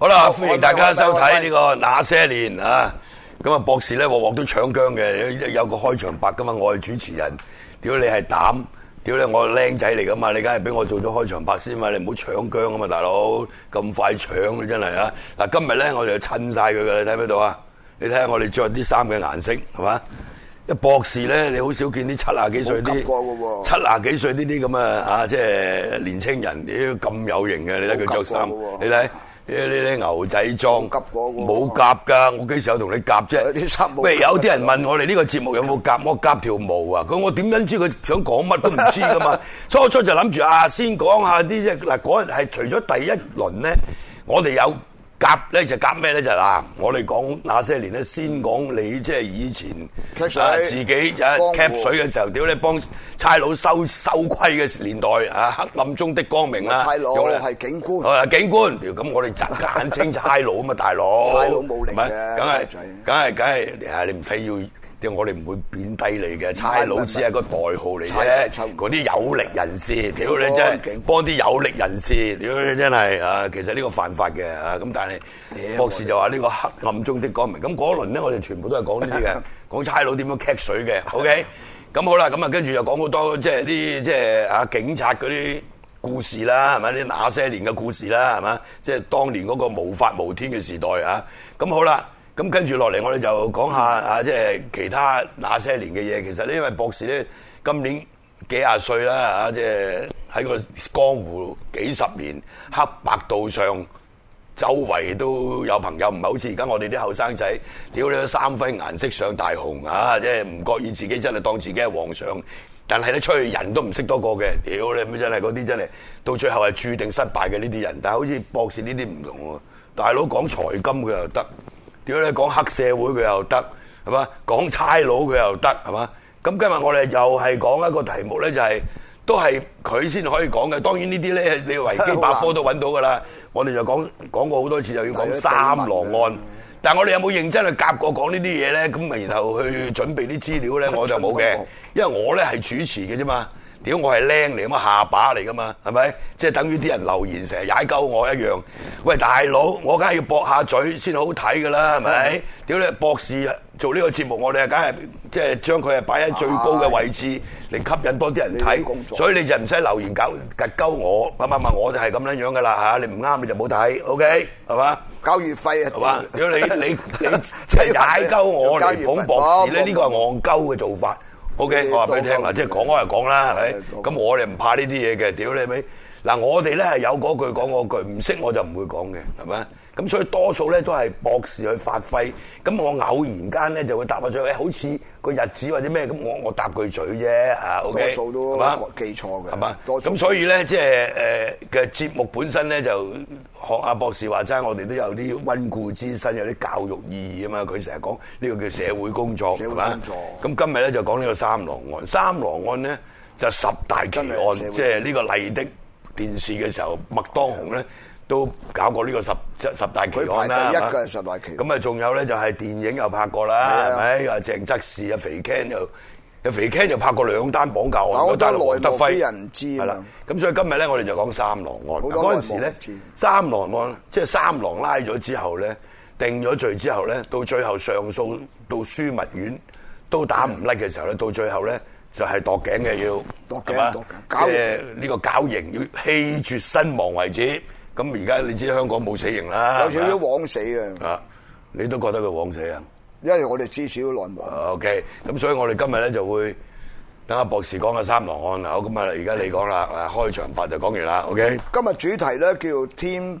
好啦，歡迎大家收睇呢個那些年啊！咁啊，博士咧，我鑊鑊都搶薑嘅，有個開場白噶嘛。我係主持人，屌你係膽，屌你我係靚仔嚟噶嘛，你梗係俾我做咗開場白先嘛，你唔好搶薑啊嘛，大佬咁快搶你真係啊！嗱，今日咧，我就要襯晒佢噶，你睇唔睇到啊？你睇下我哋着啲衫嘅顏色係嘛？一博士咧，你好少見啲七廿幾歲啲，七廿幾歲呢啲咁啊，即係年青人，屌咁有型嘅，你睇佢着衫，你睇。呢啲牛仔裝夾冇夾噶？我幾時有同你夾啫。夾，喂，有啲人問我哋呢個節目有冇夾？的我夾條毛啊！咁我點樣知佢想講乜都唔知噶嘛。 初初就諗住啊，先講下啲啫。係嗱，日係除咗第一輪咧，我哋有。夾咧就夾咩，咧就係嗱，我哋講那些年咧，先講你即係以前啊，自己啊 cap 水嘅時候，屌你幫差佬收收規嘅年代啊，黑暗中的光明啦，差佬係警官，警官，咁我哋就簡稱差佬啊嘛，大佬，差佬冇嚟嘅。梗係梗係梗係，你唔使要。我哋唔會貶低你嘅，差佬只係個代號嚟嘅，嗰啲有力人士，屌話你真係幫啲有力人士，屌你真係啊！其實呢個犯法嘅啊，咁但係博士就話呢個黑暗中的光明。咁嗰輪咧，我哋全部都係講呢啲嘅，講差佬點樣吸水嘅。OK，咁好啦，咁啊跟住又講好多即係啲即係啊警察嗰啲故事啦，係咪啲那些年嘅故事啦，係咪？即係當年嗰個無法無天嘅時代啊！咁好啦。咁跟住落嚟，我哋就講下啊，即係其他那些年嘅嘢。其實呢，因為博士咧，今年幾廿歲啦，即係喺個江湖幾十年，黑白道上，周圍都有朋友，唔係好似而家我哋啲後生仔，屌你三分顏色上大紅啊！即係唔覺意自己真係當自己係皇上，但係咧，出去人都唔識多個嘅，屌你真係嗰啲真係到最後係注定失敗嘅呢啲人。但係好似博士呢啲唔同喎，大佬講財金佢又得。屌你，講黑社會佢又得，係嘛？講差佬佢又得，係嘛？咁今日我哋又係講一個題目咧，就係、是、都係佢先可以講嘅。當然呢啲咧，你維基百科都揾到㗎啦。 我哋就講講過好多次，就要講三狼案。但係我哋有冇認真去夾過講呢啲嘢咧？咁咪然後去準備啲資料咧？我就冇嘅，因為我咧係主持嘅啫嘛。屌，我係靚嚟，咁嘛，下巴嚟噶嘛，係咪？即、就、係、是、等於啲人留言成日踩鳩我一樣。喂大佬，我梗係要駁下嘴先好睇噶啦，係咪？屌 你博士做呢個節目，我哋啊梗係即係將佢係擺喺最高嘅位置嚟，哎、吸引多啲人睇，所以你就唔使留言搞曱甴鳩我，啊嘛嘛我就係咁樣樣噶啦，吓，你唔啱，你就冇睇，OK，係嘛？交月費啊，係嘛吧？屌 你你你即係踩鳩我嚟捧博士咧，呢、嗯、個係戇鳩嘅做法。OK，我話俾你聽啦，即係講開就講啦，咁我哋唔怕呢啲嘢嘅，屌你咪。嗱，我哋咧有嗰句講嗰句，唔識我就唔會講嘅，係咪？咁所以多數咧都係博士去發揮，咁我偶然間咧就會答下嘴，好似個日子或者咩咁，我我答句嘴啫嚇，okay? 多數都記錯嘅，係嘛吧？咁吧所以咧，即係誒嘅節目本身咧，就學阿博士話齋，我哋都有啲溫故知新，有啲教育意義啊嘛。佢成日講呢個叫社會工作，係嘛？咁吧今日咧就講呢個三狼案，三狼案咧就係十大奇案，即係呢個例的。電視嘅時候，麥當雄咧都搞過呢個十十大奇案啦，係嘛吧？咁啊，仲有咧就係、是、電影又拍過啦，係咪啊？鄭則仕啊，肥 Ken 又，肥 Ken 又拍過兩單綁架案，嗰單王德輝係啦。咁所以今日咧，我哋就講三狼案。嗰陣時咧，三狼案即係三狼拉咗之後咧，定咗罪之後咧，到最後上訴到樞密院都打唔甩嘅時候咧，是的 到最後咧。就係剁頸嘅要，係嘛？即係呢個絞刑要氣絕身亡為止。咁而家你知香港冇死刑啦，有少少枉死啊。啊，你都覺得佢枉死啊？因為我哋知少少內幕。OK，咁所以我哋今日咧就會等阿博士講下三郎案啊。好，咁啊，而家你講啦，開場白就講完啦。OK，今日主題咧叫天。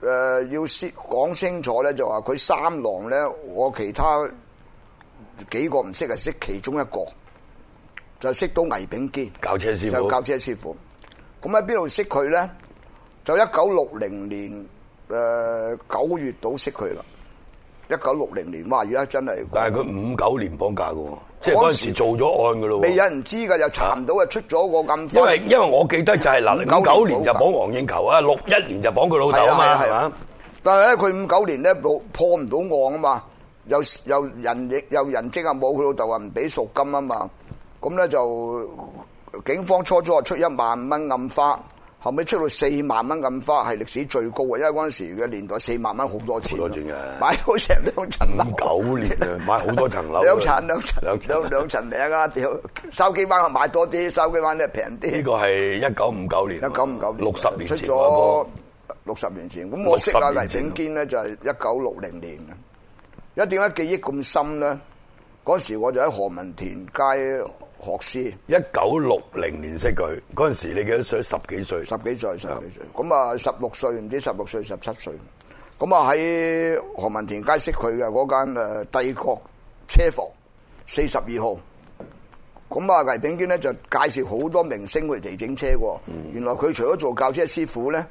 誒，要先講清楚咧，就話佢三郎咧，我其他幾個唔識，係識其中一個，就識到魏炳堅，教車師傅就教車師傅。咁喺邊度識佢咧？就一九六零年誒九月到識佢啦。一九六零年，哇！而家真係，但係佢五九年綁架噶。即係嗰時做咗案噶咯，未有人知噶，又查唔到，啊、又出咗個暗花。因為因為我記得就係嗱，九九年就綁黃應求啊，六一年就綁佢老豆啊嘛，係嘛。是是吧但係咧佢五九年咧破唔到案啊嘛，又又人亦又人證啊冇，佢老豆話唔俾贖金啊嘛，咁咧就警方初初啊出一萬蚊暗花。後尾出到四萬蚊咁花係歷史最高啊！因為嗰陣時嘅年代四萬蚊好多錢，多買好成兩層樓。五九年啊，買好多層樓，兩層兩層兩兩層名啊！筲箕灣買多啲，筲箕灣都平啲。呢個係一九五九年，一九五九年六十年前出咗六十年前咁我識阿黎炳堅咧就係一九六零年啊！一點解記憶咁深咧？嗰時我就喺何文田街。學師，一九六零年識佢嗰陣時，你幾多歲？十幾歲？十幾歲？是的 十幾歲？咁啊，十六歲唔知十六歲十七歲。咁啊喺何文田街識佢嘅嗰間誒帝國車房四十二號。咁啊魏炳娟咧就介紹好多明星去地整車喎。嗯，原來佢除咗做教車師,師傅咧，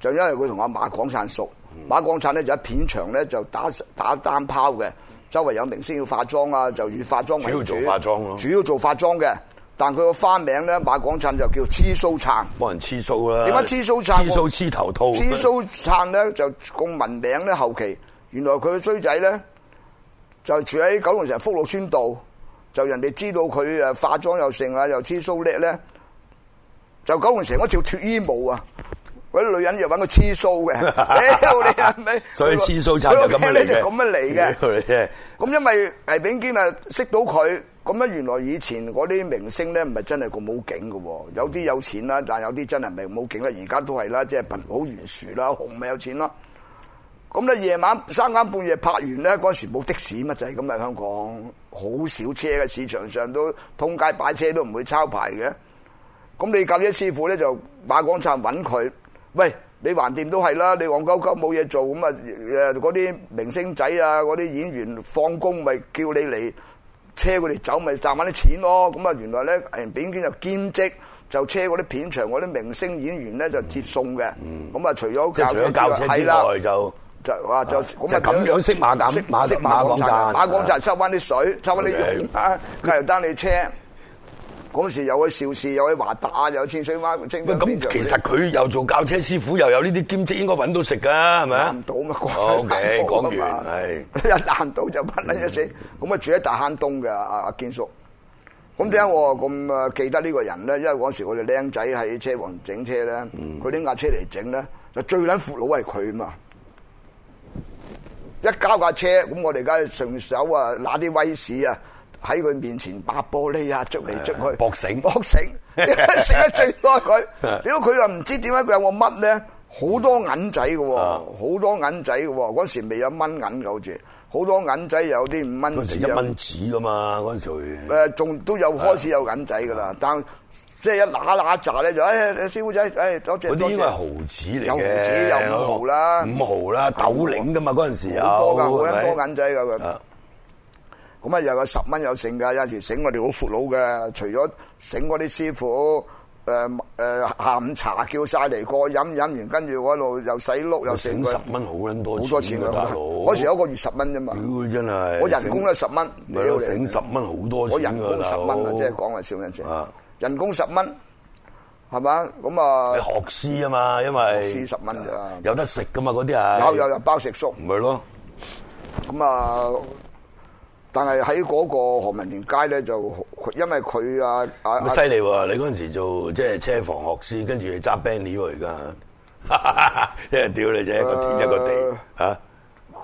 就因為佢同阿馬廣燦熟，馬廣燦咧就喺片場咧就打打單拋嘅。周圍有明星要化妝啊，就以化妝為主。主要做化妝咯。主要做化妝嘅，但佢個花名咧，馬廣燦就叫黐鬚燦。幫人黐鬚啦。點解黐鬚燦？黐鬚黐頭套。黐鬚燦咧就共文名咧後期，原來佢個衰仔咧就住喺九龍城福祿村度，就人哋知道佢誒化妝又成啊，又黐鬚叻咧，就九龍城嗰條脫衣舞啊。嗰啲女人又揾個黐數嘅，所以黐數差就咁樣嚟嘅。咁因為倪炳堅啊識到佢，咁咧原來以前嗰啲明星咧唔係真係咁冇景嘅喎，有啲有錢啦，但有啲真係唔係冇景啦，而家都係啦，即係貧富懸殊啦，紅咪有錢啦。咁咧夜晚三更半夜拍完咧，嗰陣時冇的士乜滯，咁啊，香港好少車嘅，市場上都通街擺車都唔會抄牌嘅。咁你救啲師傅咧就馬光差揾佢。喂，你橫掂都係啦，你戇鳩鳩冇嘢做咁啊？誒，嗰啲明星仔啊，嗰啲演員放工咪叫你嚟車佢哋走，咪賺翻啲錢咯。咁啊，原來咧，誒，編劇就兼職，就車嗰啲片場嗰啲明星演員咧，就接送嘅。咁啊，除咗即係除咗教車之外，就就話就咁啊，咁樣識馬減，識馬識馬講賺，馬講賺收翻啲水，收翻啲肉啊，梗係得你車。嗰時有位邵氏，有位華達有清水灣，咁，其實佢又做教車師傅，又有呢啲兼職，應該揾到食噶，係咪啊？揾唔到嘛，怪得嘅嘛。Okay, 講完，一賺到就揾呢啲錢。咁啊、嗯，住喺大坑東嘅阿阿堅叔。咁點解我咁啊記得呢個人咧？因為嗰時我哋僆仔喺車房整車咧，佢拎架車嚟整咧，就最撚闊佬係佢嘛。嗯、一交架，架車，咁我哋而家順手啊，拿啲威士啊～喺佢面前拍玻璃啊，捉嚟捉去，搏醒，搏醒，食得最多佢。屌佢又唔知點解佢有個乜咧？好多銀仔嘅喎，好多銀仔嘅喎。嗰時未有蚊銀嘅好似，好多銀仔有啲五蚊。嗰時一蚊紙嘅嘛，嗰陣時。誒，仲都有開始有銀仔嘅啦，但即係一揦揦雜咧就誒，師傅仔誒多謝多謝。嗰啲應該係毫子嚟，有毫子有五毫啦，五毫啦，斗零嘅嘛嗰陣時有。多㗎，好多銀仔嘅。咁啊，又有十蚊有剩嘅，有時醒我哋好闊老嘅。除咗醒嗰啲師傅，誒誒下午茶叫晒嚟過飲飲完，跟住我喺度又洗碌又醒。醒十蚊好撚多好多錢㗎！嗰時一個月十蚊啫嘛。屌真係！我人工都十蚊。你都醒十蚊好多錢㗎啦！我人工十蚊啊，即係講係少人錢。啊！人工十蚊係嘛？咁啊，學師啊嘛，因為學師十蚊啫，有得食㗎嘛嗰啲係。有有有包食宿。唔係咯，咁啊。但係喺嗰個何文田街咧，就因為佢啊啊！咁犀利喎！你嗰陣時做即係、就是、車房學師跟住去揸 bandy 哈，而家即係屌你！就、嗯、一個天一個地嚇。嗰、呃啊、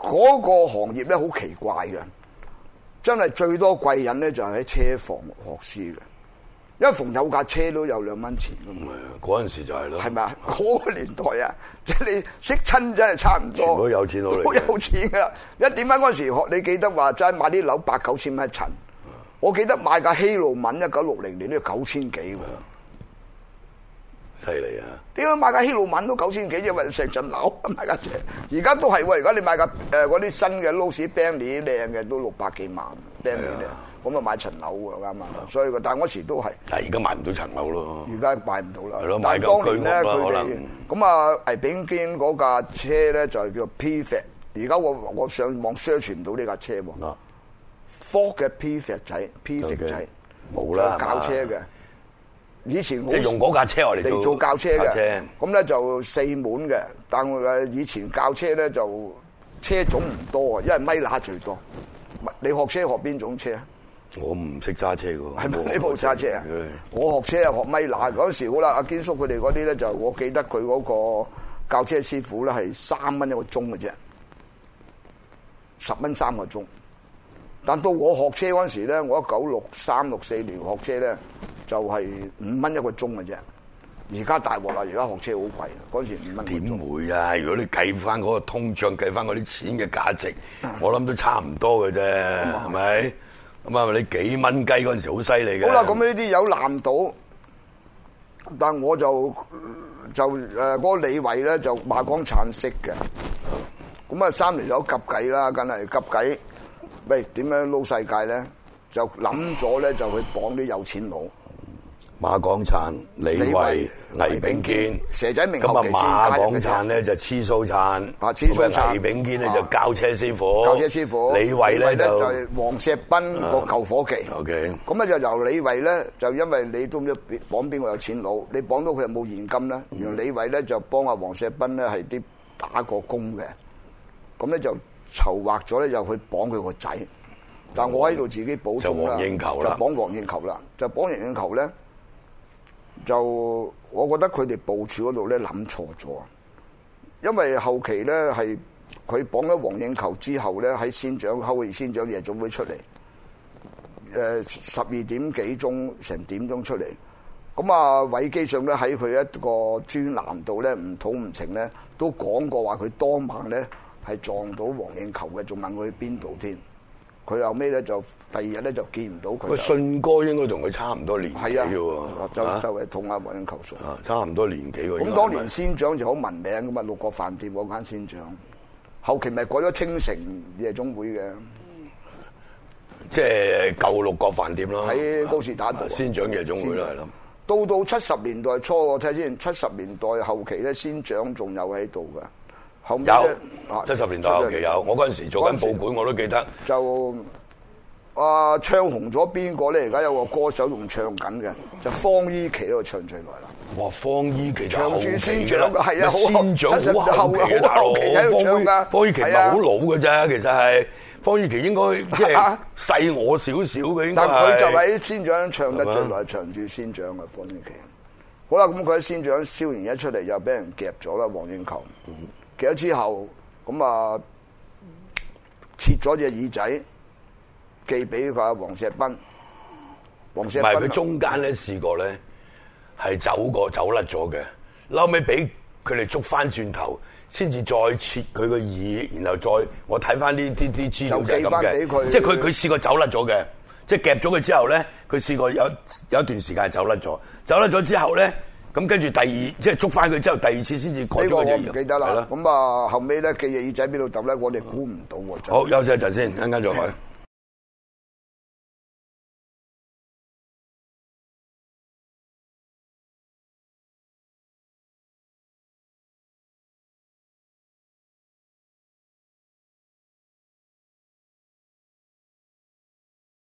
行業咧好奇怪嘅，真係最多貴人咧就係、是、喺車房學師嘅。因為逢有架車都有兩蚊錢。唔係啊，嗰陣時就係咯。係咪？嗰、嗰個年代啊，即係你識親真係差唔多。全有錢攞嚟，有錢噶。一點解嗰陣時學你記得話，齋買啲樓八九千蚊一層。啊、我記得買架希路敏一九六零年都要九千幾喎。犀利啊！點解、啊、買架希路敏都九千幾？因為成層樓買架車，而家都係喎。而家你買架誒嗰啲新嘅勞斯賓尼靚嘅都六百幾萬。咁啊，買層樓嘅啱啊，所以嘅，但係嗰時都係。但係而家買唔到層樓咯。而家買唔到啦。係咯，買唔到居屋啦，可咁能啊，魏炳堅嗰架車咧就係叫做 P t 而家我我上網 s e 唔到呢架車喎。啊。科嘅 P 石仔，P 石仔。冇啦 okay, 有。教車嘅。吧以前我。即係用嗰架車嚟嚟做教車嘅。咁咧車就四門嘅，但係以前教車咧就車種唔多啊，因為米納最多。你學車學邊種車啊？我唔識揸車嘅喎，係冇呢部揸車啊！駛我學車啊學米乸嗰陣時好啦，阿堅叔佢哋嗰啲咧就我記得佢嗰個教車師傅咧係三蚊一個鐘嘅啫，十蚊三個鐘。但到我學車嗰陣時咧，我一九六三六四年學車咧就係五蚊一個鐘嘅啫。而家大鑊啦，而家學車好貴啊！嗰陣時五蚊一個鐘點會啊？如果你計翻嗰個通脹，計翻嗰啲錢嘅價值，嗯、我諗都差唔多嘅啫，係咪？咁啊！是是你幾蚊雞嗰陣時好犀利嘅。好啦，咁呢啲有難度，但我就就誒嗰、嗰個李偉咧就馬光慘色嘅。咁啊，三年有急計啦，梗係急計。喂，點樣撈世界咧？就諗咗咧，就去綁啲有錢佬。馬廣燦、李偉、倪炳堅、堅堅蛇仔明，咁啊馬廣燦咧就黐蘇燦，啊黐蘇燦，倪炳堅咧就教車師傅，教車師傅，李偉咧就黃錫斌個舊伙計。O K，咁啊就、okay、由李偉咧，就因為你都唔知綁邊個有錢佬，你綁到佢有冇現金啦。然後李偉咧就幫阿黃錫斌咧係啲打過工嘅，咁咧就籌劃咗咧就去綁佢個仔。嗯、但我喺度自己補充啦，就綁黃應求啦，就綁黃應求咧。就我覺得佢哋部署嗰度咧諗錯咗，因為後期咧係佢綁咗黃應求之後咧，喺先長後而先長夜總會出嚟。誒、呃，十二點幾鐘成點鐘出嚟，咁啊，韋基上咧喺佢一個專欄度咧唔討唔情咧都講過話佢當晚咧係撞到黃應求嘅，仲問佢去邊度添。佢後尾咧就第二日咧就見唔到佢。信哥應該同佢差唔多年紀啊對，喎對，就就係同阿黃英求熟。差唔多年紀咁，當年先長就好聞名噶嘛，嗯、六國飯店嗰間先長，後期咪改咗清城夜總會嘅。即係、嗯就是、舊六國飯店啦對。喺高士打道，先長夜總會咯長。吧到到七十年代初，我睇先，七十年代後期咧，先長仲有喺度噶。有七十年代後期有，我嗰陣時做緊報館，我都記得。就啊，唱紅咗邊個咧？而家有個歌手仲唱緊嘅，就方伊琪喺度唱最耐啦。哇，方伊琪長住仙掌，係啊，好後七十年代後期喺度唱噶。方伊琪唔係好老嘅啫，其實係方伊琪應該即係細我少少嘅。但佢就喺仙掌唱得最耐，長住仙掌嘅方伊琪。好啦，咁佢喺仙掌騷完一出嚟，又俾人夾咗啦，黃英琴！夾咗之後，咁啊，切咗隻耳仔，寄俾個黃石斌。黃石斌。唔係佢中間咧，試過咧，係走過走甩咗嘅。後尾俾佢哋捉翻轉頭，先至再切佢個耳，然後再我睇翻呢啲啲資料寄翻俾佢。即係佢佢試過走甩咗嘅，即係夾咗佢之後咧，佢試過有有一段時間係走甩咗，走甩咗之後咧。咁跟住第二，即係捉翻佢之後，第二次先至改咗我唔記得啦，咁啊，後屘咧耳仔邊度揼咧，我哋估唔到喎。好，休息一陣先，陣間再講。